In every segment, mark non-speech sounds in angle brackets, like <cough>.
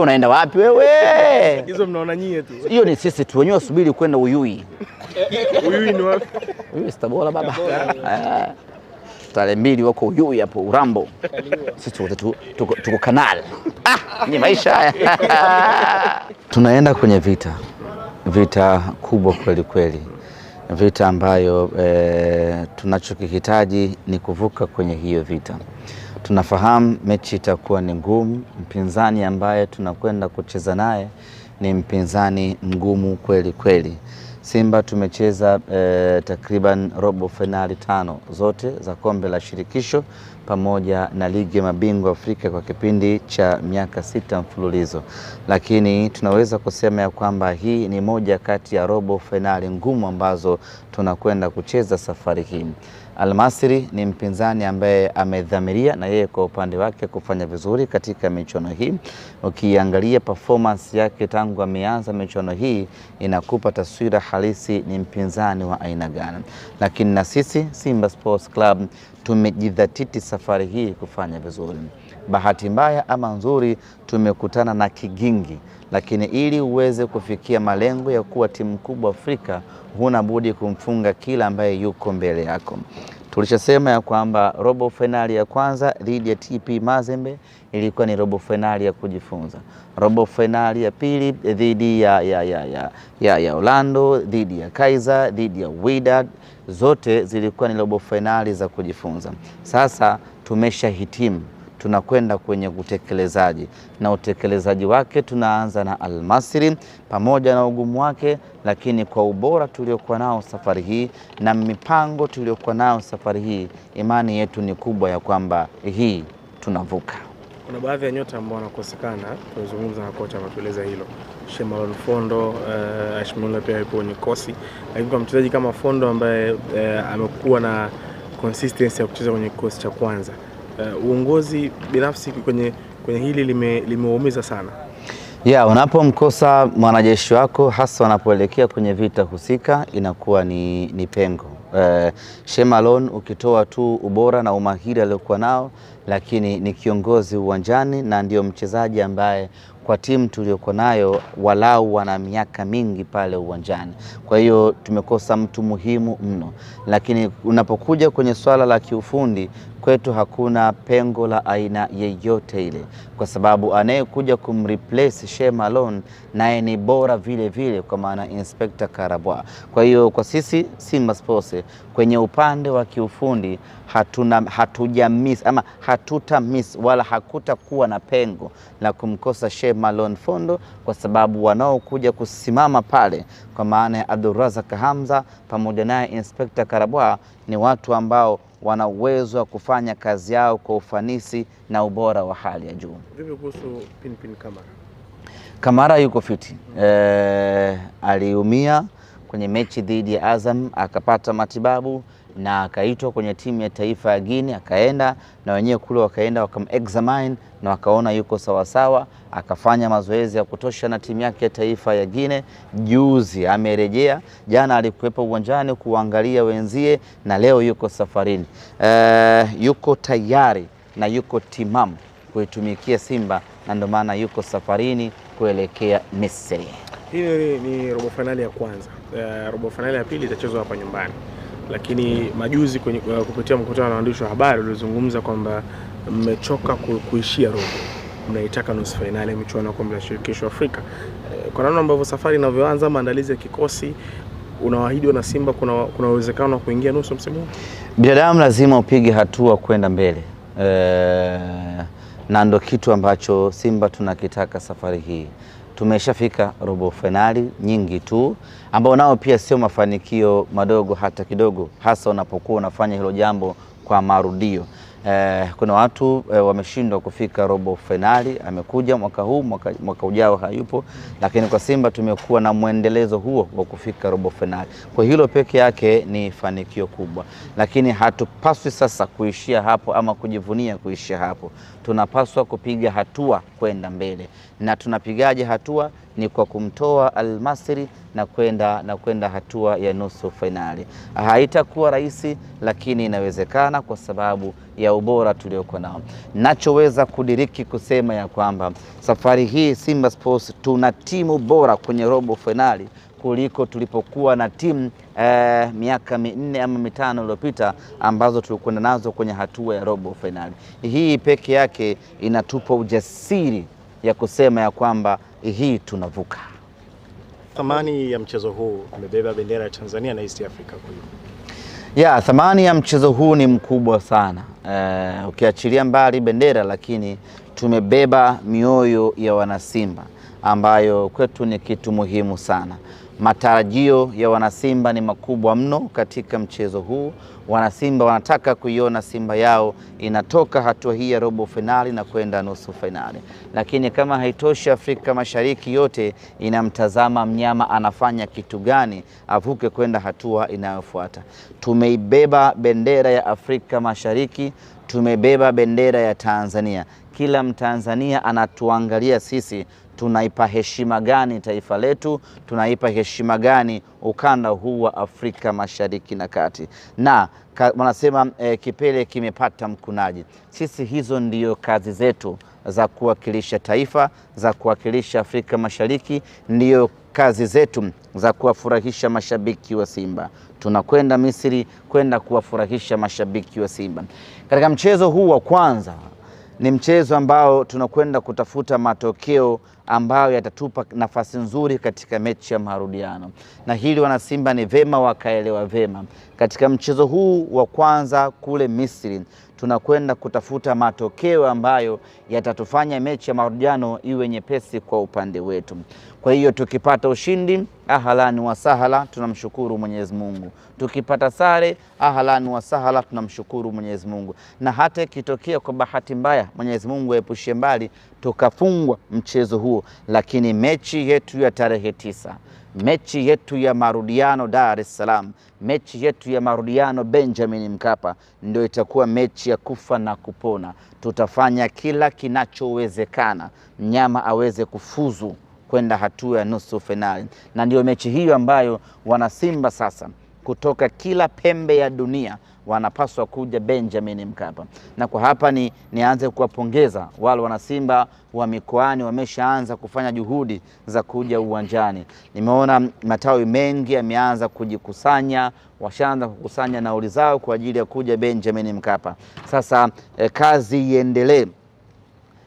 Unaenda wapi wewe? Hizo mnaona nyie tu. Hiyo ni sisi tu wenyewe, subiri kwenda Uyui. Uyui ni wapi? Uyui si Tabora baba. Ah. Tarehe mbili wako Uyui hapo Urambo. Sisi tuko tuko kanal. Ah, ni maisha haya. Tunaenda kwenye vita, vita kubwa kweli kweli, vita ambayo eh, tunachokihitaji ni kuvuka kwenye hiyo vita. Tunafahamu mechi itakuwa ni ngumu. Mpinzani ambaye tunakwenda kucheza naye ni mpinzani mgumu kweli kweli. Simba tumecheza e, takriban robo fainali tano zote za kombe la shirikisho pamoja na ligi ya mabingwa Afrika kwa kipindi cha miaka sita mfululizo, lakini tunaweza kusema ya kwamba hii ni moja kati ya robo fainali ngumu ambazo tunakwenda kucheza safari hii. Almasri ni mpinzani ambaye amedhamiria na yeye kwa upande wake kufanya vizuri katika michuano hii. Ukiangalia performance yake tangu ameanza michuano hii inakupa taswira halisi ni mpinzani wa aina gani, lakini na sisi Simba Sports Club tumejidhatiti safari hii kufanya vizuri. Bahati mbaya ama nzuri, tumekutana na kigingi, lakini ili uweze kufikia malengo ya kuwa timu kubwa Afrika, huna budi kumfunga kila ambaye yuko mbele yako. Tulishasema ya kwamba robo fainali ya kwanza dhidi ya TP Mazembe ilikuwa ni robo fainali ya kujifunza. Robo fainali ya pili dhidi ya, ya, ya, ya, ya, ya Orlando, dhidi ya Kaizer, dhidi ya Wydad, zote zilikuwa ni robo fainali za kujifunza. Sasa tumeshahitimu tunakwenda kwenye utekelezaji, na utekelezaji wake tunaanza na Almasri pamoja na ugumu wake, lakini kwa ubora tuliokuwa nao safari hii na mipango tuliokuwa nayo safari hii, imani yetu ni kubwa ya kwamba hii tunavuka. Kuna baadhi ya nyota ambao wanakosekana, tumezungumza na kocha ametueleza hilo. Shemalon Fondo uh, eh, Ashimula pia yupo kwenye kosi, lakini kwa mchezaji kama Fondo ambaye uh, amekuwa na consistency ya kucheza kwenye kikosi cha kwanza uh, uongozi binafsi kwenye, kwenye hili limewaumiza sana ya unapomkosa mwanajeshi wako hasa wanapoelekea kwenye vita husika inakuwa ni, ni pengo uh, eh, Shemalon ukitoa tu ubora na umahiri aliokuwa nao, lakini ni kiongozi uwanjani na ndio mchezaji ambaye kwa timu tuliyokuwa nayo walau wana miaka mingi pale uwanjani. Kwa hiyo tumekosa mtu muhimu mno, lakini unapokuja kwenye swala la kiufundi kwetu hakuna pengo la aina yeyote ile, kwa sababu anayekuja kumreplace Shea Malone naye ni bora vile vile, kwa maana Inspector Karabwa. Kwa hiyo kwa sisi Simba Sports kwenye upande wa kiufundi hatuna hatuja miss ama hatuta miss wala hakutakuwa na pengo la kumkosa Sheikh Malone Fondo, kwa sababu wanaokuja kusimama pale kwa maana ya Abdulrazak Hamza pamoja naye Inspector Karabwa ni watu ambao wana uwezo wa kufanya kazi yao kwa ufanisi na ubora wa hali ya juu. Vipi kuhusu Pinpin Kamara? Kamara yuko fiti mm. E, aliumia kwenye mechi dhidi ya Azam akapata matibabu na akaitwa kwenye timu ya taifa ya Guinea, akaenda na wenyewe kule, wakaenda wakamexamine na wakaona yuko sawasawa, akafanya mazoezi ya kutosha na timu yake ya taifa ya guine Juzi amerejea, jana alikuwepo uwanjani kuangalia wenzie, na leo yuko safarini. E, yuko tayari na yuko timamu kuitumikia Simba na ndio maana yuko safarini kuelekea Misri. Hii ni robo fainali ya kwanza. Uh, robo fainali ya pili itachezwa hapa nyumbani lakini majuzi kwenye, uh, kupitia mkutano na waandishi wa habari ulizungumza kwamba mmechoka kuishia robo, mnaitaka nusu fainali ya michuano ya kombe la shirikisho Afrika. Eh, kwa namna ambavyo safari inavyoanza, maandalizi ya kikosi, unawaahidi na Simba kuna kuna uwezekano wa kuingia nusu msimu huu? Binadamu lazima upige hatua kwenda mbele e, na ndo kitu ambacho Simba tunakitaka safari hii tumeshafika robo fainali nyingi tu, ambao nao pia sio mafanikio madogo hata kidogo, hasa unapokuwa unafanya hilo jambo kwa marudio. Eh, kuna watu eh, wameshindwa kufika robo fainali. Amekuja mwaka huu, mwaka, mwaka ujao hayupo, lakini kwa Simba tumekuwa na mwendelezo huo wa kufika robo fainali. Kwa hilo peke yake ni fanikio kubwa, lakini hatupaswi sasa kuishia hapo ama kujivunia kuishia hapo. Tunapaswa kupiga hatua kwenda mbele, na tunapigaje hatua? ni kwa kumtoa Almasri na kwenda na kwenda hatua ya nusu fainali. Haitakuwa rahisi, lakini inawezekana kwa sababu ya ubora tuliokuwa nao. Nachoweza kudiriki kusema ya kwamba safari hii Simba Sports tuna timu bora kwenye robo fainali kuliko tulipokuwa na timu eh, miaka minne ama mitano iliyopita ambazo tulikwenda nazo kwenye hatua ya robo fainali. Hii peke yake inatupa ujasiri ya kusema ya kwamba eh, hii tunavuka. Thamani ya mchezo huu umebeba bendera ya Tanzania na East Africa kwa hiyo ya thamani ya mchezo huu ni mkubwa sana Uh, ukiachilia mbali bendera, lakini tumebeba mioyo ya wanasimba ambayo kwetu ni kitu muhimu sana. Matarajio ya wanasimba ni makubwa mno katika mchezo huu. Wanasimba wanataka kuiona Simba yao inatoka hatua hii ya robo fainali na kwenda nusu fainali, lakini kama haitoshi, Afrika Mashariki yote inamtazama mnyama anafanya kitu gani avuke kwenda hatua inayofuata. Tumeibeba bendera ya Afrika Mashariki, tumebeba bendera ya Tanzania. Kila Mtanzania anatuangalia sisi tunaipa heshima gani taifa letu, tunaipa heshima gani ukanda huu wa Afrika Mashariki na Kati. Na wanasema e, kipele kimepata mkunaji. Sisi hizo ndiyo kazi zetu za kuwakilisha taifa, za kuwakilisha Afrika Mashariki, ndiyo kazi zetu za kuwafurahisha mashabiki wa Simba. Tunakwenda Misri kwenda kuwafurahisha mashabiki wa Simba. Katika mchezo huu wa kwanza, ni mchezo ambao tunakwenda kutafuta matokeo ambayo yatatupa nafasi nzuri katika mechi ya marudiano, na hili wanasimba ni vema wakaelewa vema. Katika mchezo huu wa kwanza kule Misri, tunakwenda kutafuta matokeo ambayo yatatufanya mechi ya marudiano iwe nyepesi kwa upande wetu. Kwa hiyo tukipata ushindi ahalani wa sahala, tunamshukuru Mwenyezi Mungu. Tukipata sare ahalani wa sahala, tunamshukuru Mwenyezi Mungu, na hata ikitokea kwa bahati mbaya, Mwenyezi Mungu aepushie mbali tukafungwa mchezo huo, lakini mechi yetu ya tarehe tisa, mechi yetu ya marudiano Dar es Salaam, mechi yetu ya marudiano Benjamin Mkapa ndio itakuwa mechi ya kufa na kupona. Tutafanya kila kinachowezekana mnyama aweze kufuzu kwenda hatua ya nusu fainali, na ndio mechi hiyo ambayo wanasimba sasa kutoka kila pembe ya dunia wanapaswa kuja Benjamin Mkapa. Na kwa hapa ni nianze kuwapongeza wale wanasimba wa mikoani, wameshaanza kufanya juhudi za kuja uwanjani. Nimeona matawi mengi yameanza kujikusanya, washaanza kukusanya nauli zao kwa ajili ya kuja Benjamin Mkapa. Sasa eh, kazi iendelee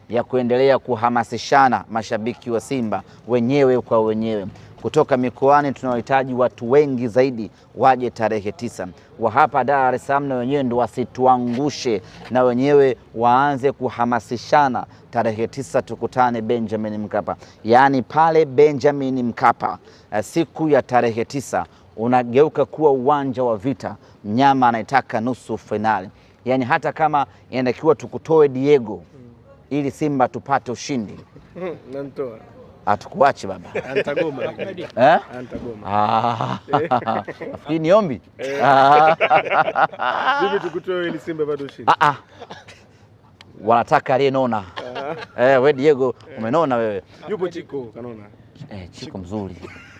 ya kuendelea kuhamasishana mashabiki wa Simba wenyewe kwa wenyewe kutoka mikoani, tunawahitaji watu wengi zaidi waje tarehe tisa. Wa hapa Dar es Salaam na wenyewe ndo wasituangushe, na wenyewe waanze kuhamasishana. Tarehe tisa tukutane Benjamin Mkapa, yaani pale Benjamin Mkapa, eh, siku ya tarehe tisa unageuka kuwa uwanja wa vita. Mnyama anaitaka nusu fainali, yaani hata kama inatakiwa tukutoe Diego ili Simba tupate ushindi <laughs> Atukuache baba. Antagoma. <laughs> Eh? Antagoma. Ah. <laughs> Nafikiri ni ombi. Eh. Vipi tukutoe ile Simba bado ushindi? Ah ah. Wanataka aliyenona. Ah. Eh, wewe Diego umenona wewe. Yupo Chiko kanona. Eh, Chiko mzuri.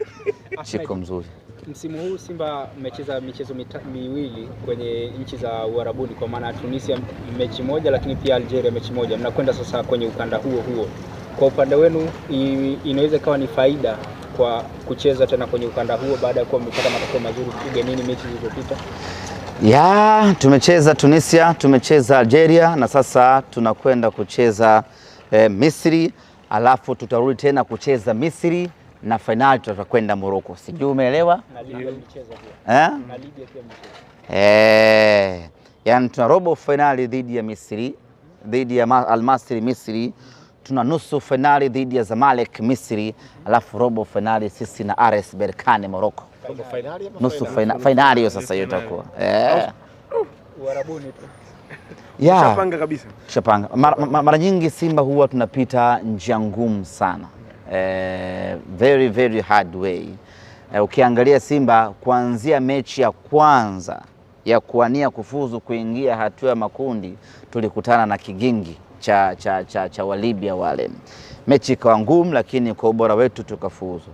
<laughs> Chiko mzuri. Msimu huu Simba mmecheza michezo miwili kwenye nchi za Uarabuni, kwa maana Tunisia mechi moja, lakini pia Algeria mechi moja. Mnakwenda sasa kwenye ukanda huo huo kwa upande wenu inaweza ikawa ni faida kwa kucheza tena kwenye ukanda huo baada ya kuwa mmepata matokeo mazuri ugenini mechi zilizopita? Ya, tumecheza Tunisia, tumecheza Algeria na sasa tunakwenda kucheza eh, Misri, alafu tutarudi tena kucheza Misri na fainali tutakwenda Morocco. Sijui umeelewa? Na Libya Eh? Na Libya pia Eh. Yaani tuna robo fainali dhidi ya Misri, dhidi ya Al -Masri, Misri tuna nusu fainali dhidi ya Zamalek Misri, alafu robo fainali sisi na RS Berkane Morocco. Nusu fainali hiyo sasa hiyo itakuwa eh, Uarabuni tu ya shapanga. Mara nyingi Simba huwa tunapita njia ngumu sana eh, very very hard way eh, ukiangalia Simba kuanzia mechi ya kwanza ya kuania kufuzu kuingia hatua ya makundi tulikutana na Kigingi cha, cha, cha, cha Walibya wale. Mechi ikawa ngumu, lakini kwa ubora wetu tukafuzu.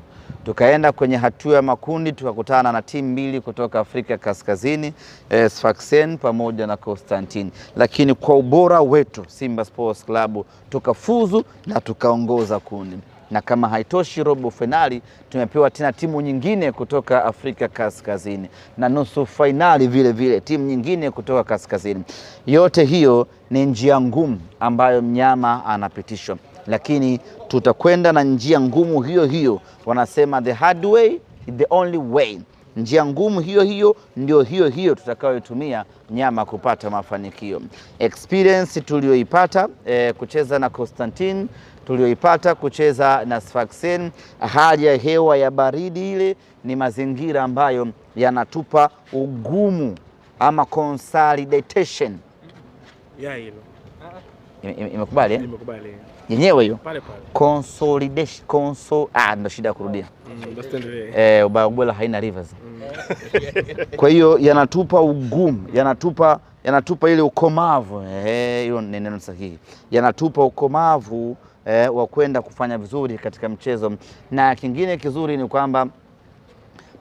Tukaenda kwenye hatua ya makundi tukakutana na timu mbili kutoka Afrika Kaskazini, eh, Sfaxien pamoja na Constantine, lakini kwa ubora wetu Simba Sports Club tukafuzu na tukaongoza kundi na kama haitoshi, robo fainali tumepewa tena timu nyingine kutoka Afrika Kaskazini na nusu fainali vile vile timu nyingine kutoka kaskazini. Yote hiyo ni njia ngumu ambayo mnyama anapitishwa, lakini tutakwenda na njia ngumu hiyo hiyo. Wanasema the hard way the only way njia ngumu hiyo hiyo ndio hiyo hiyo tutakayotumia nyama kupata mafanikio. Experience tuliyoipata eh, kucheza na Constantine tulioipata kucheza na Sfaxien. Hali ya hewa ya baridi ile ni mazingira ambayo yanatupa ugumu ama consolidation ya hilo imekubali ime, imekubali eh? yenyewe hiyo consolidation conso, ah, ndo shida ya kurudia mm, mm, eh, Ubaya haina rivers. Mm. <laughs> Kwa hiyo yanatupa ugumu, yanatupa yanatupa ile ukomavu, eh, ni neno sahihi, yanatupa ukomavu eh, wa kwenda kufanya vizuri katika mchezo, na kingine kizuri ni kwamba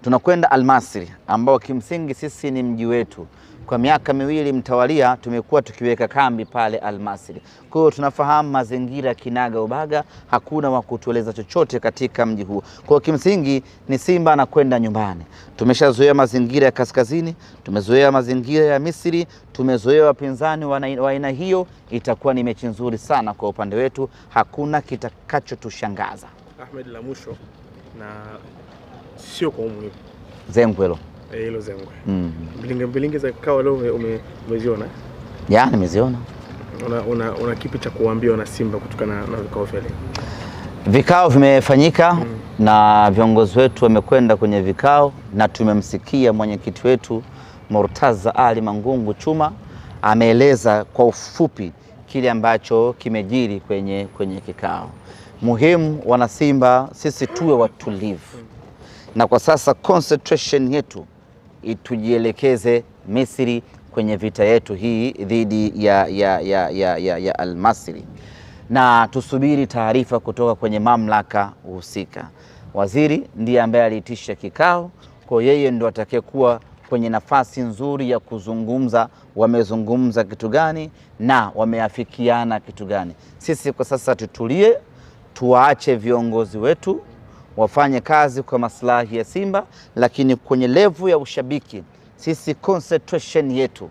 tunakwenda almasri ambao kimsingi sisi ni mji wetu. Kwa miaka miwili mtawalia tumekuwa tukiweka kambi pale Almasri. Kwa hiyo tunafahamu mazingira kinaga ubaga, hakuna wa kutueleza chochote katika mji huo. Kwa hiyo kimsingi ni Simba anakwenda nyumbani. Tumeshazoea mazingira ya kaskazini, tumezoea mazingira ya Misri, tumezoea wapinzani wa aina hiyo. Itakuwa ni mechi nzuri sana kwa upande wetu, hakuna kitakachotushangaza. Ahmed, la mwisho na sio kwa umuhimu, Zengwelo Eh, hilo zengwe. Mm. Mbilinge mbilinge za kikao leo umeziona? Ya, yaani nimeziona. Una, una, una kipi cha kuambia wana Simba kutokana na vikao vya Vikao vimefanyika mm. na viongozi wetu wamekwenda kwenye vikao na tumemsikia mwenyekiti wetu Murtaza Ali Mangungu Chuma ameeleza kwa ufupi kile ambacho kimejiri kwenye, kwenye kikao. Muhimu wanasimba, sisi tuwe watulivu, na kwa sasa concentration yetu tujielekeze Misri kwenye vita yetu hii dhidi ya, ya, ya, ya, ya, ya Almasri na tusubiri taarifa kutoka kwenye mamlaka husika. Waziri ndiye ambaye aliitisha kikao, kwa yeye ndo atakayekuwa kwenye nafasi nzuri ya kuzungumza wamezungumza kitu gani na wameafikiana kitu gani. Sisi kwa sasa tutulie, tuwaache viongozi wetu wafanye kazi kwa maslahi ya Simba, lakini kwenye levu ya ushabiki sisi concentration yetu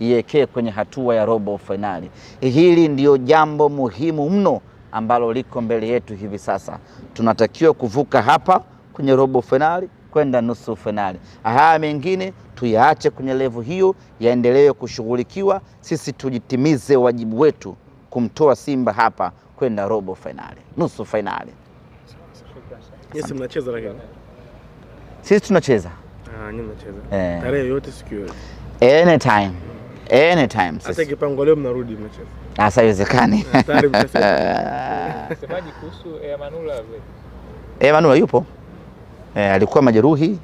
iekee kwenye hatua ya robo fainali. Hili ndiyo jambo muhimu mno ambalo liko mbele yetu hivi sasa. Tunatakiwa kuvuka hapa kwenye robo fainali kwenda nusu fainali. Haya mengine tuyaache kwenye levu hiyo, yaendelee kushughulikiwa. Sisi tujitimize wajibu wetu kumtoa Simba hapa kwenda robo fainali, nusu fainali. Yes, mnacheza lakini. Sisi tunacheza. Ah, nyinyi mnacheza. Eh. Tarehe yote siku yote. Anytime. Anytime sisi. Hata kipango leo mnarudi mnacheza. Ah, sasa haiwezekani. Hatari mtafika. Semaji kuhusu Emanula wewe. Emanula yupo. Eh, alikuwa majeruhi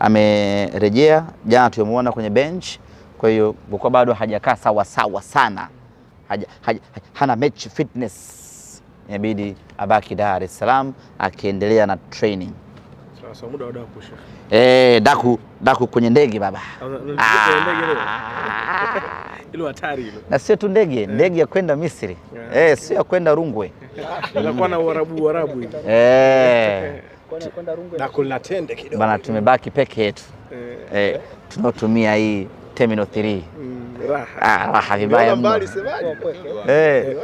amerejea jana, tumemwona kwenye bench. Kwa hiyo kwa bado hajakaa sawa sawa sana, haja, haja, hana match fitness inabidi abaki Dar es Salaam akiendelea na training. Sasa muda wa daku Eh, daku daku kwenye ndege baba. Ah. <laughs> Ile hatari ile. Na sio tu ndege, eh. ndege ya kwenda Misri. Eh, sio ya kwenda Rungwe. <laughs> Inakuwa na Uarabu Uarabu hivi. Eh. Bana, tumebaki peke yetu eh, eh tunaotumia hii terminal 3 raha ah, vibaya mno. Eh,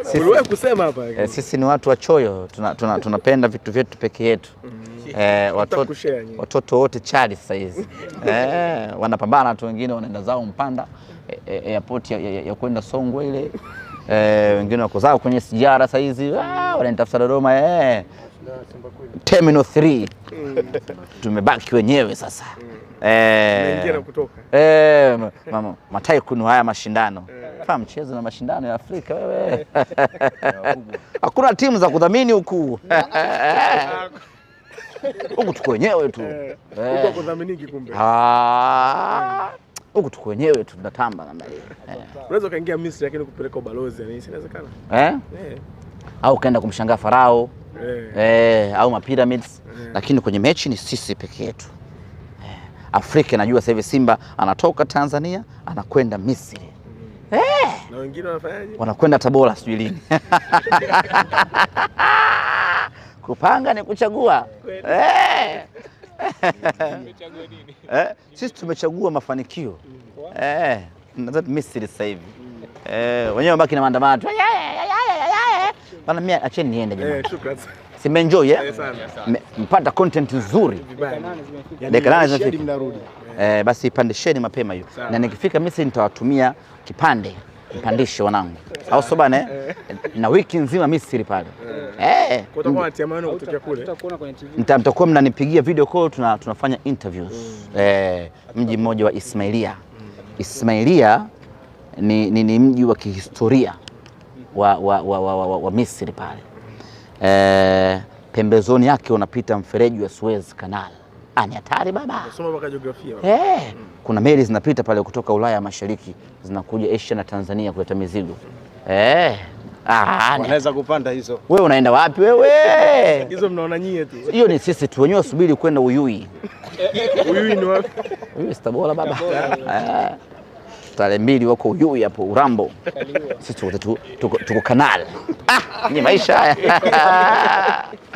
eh, sisi ni watu wachoyo, tunapenda tuna, tuna vitu vyetu peke yetu mm. eh, watoto, wote chali sasa hizi <laughs> eh, wanapambana tu, wengine wanaenda zao Mpanda e, e, airport eh, eh, ya, ya, ya kwenda Songwe ile eh, wengine wako zao kwenye sijara sasa hizi ah, Dodoma eh. Terminal 3 mm. tumebaki wenyewe sasa mm. eh, eh, mama matai kunu haya mashindano eh. Fa mchezo na mashindano ya Afrika wewe, eh. <laughs> hakuna timu za kudhamini huku <laughs> huku tuko wenyewe tu eh. Hmm. huku tuko wenyewe tu tunatamba namna hiyo. Unaweza ukaingia Misri lakini kupeleka ubalozi inawezekana, au ukaenda kumshangaa Farao Eh. eh. au mapyramids hey. Eh. Lakini kwenye mechi ni sisi peke yetu eh. Afrika najua sasa hivi Simba anatoka Tanzania anakwenda Misri mm. eh. Na wengine wanafanyaje? Wanakwenda Tabora sijui lini <laughs> kupanga ni kuchagua eh. <laughs> eh, sisi tumechagua mafanikio mm. eh, Misri sasa hivi eh, wenyewe wabaki na maandamano Bana mimi acheni niende jamani. Eh, shukrani. Simeenjoy eh? eh mpata content nzuri. Dakika nane yaani zimefika. Eh, basi pandisheni mapema hiyo. Na nikifika mimi si nitawatumia kipande mpandishe wanangu. Au sio bana eh? eh? Na wiki nzima mimi siri pale. Eh. eh. kule. Tutakuona kwenye TV. Mtakuwa mnanipigia video call tuna, tunafanya interviews. Mm. Eh, mji mmoja wa Ismailia. Ismailia ni, ni, ni mji wa kihistoria wa, wa, wa, wa, wa, wa Misri pale e, pembezoni yake unapita mfereji wa Suez Canal. Ni hatari baba, soma baka jiografia e, kuna meli zinapita pale kutoka Ulaya ya Mashariki zinakuja Asia na Tanzania kuleta mizigo e. Ah, ah wanaweza kupanda hizo. Wewe unaenda wapi wewe? <laughs> Hizo mnaona nyie tu. Hiyo ni sisi tu wenyewe, subiri kwenda Uyui. <laughs> Uyui ni wapi? Uyui Tabora baba. Ah. Stare mbili wako Uyui hapo Urambo, sisi tuko kanal. Ah, ni maisha haya. <laughs>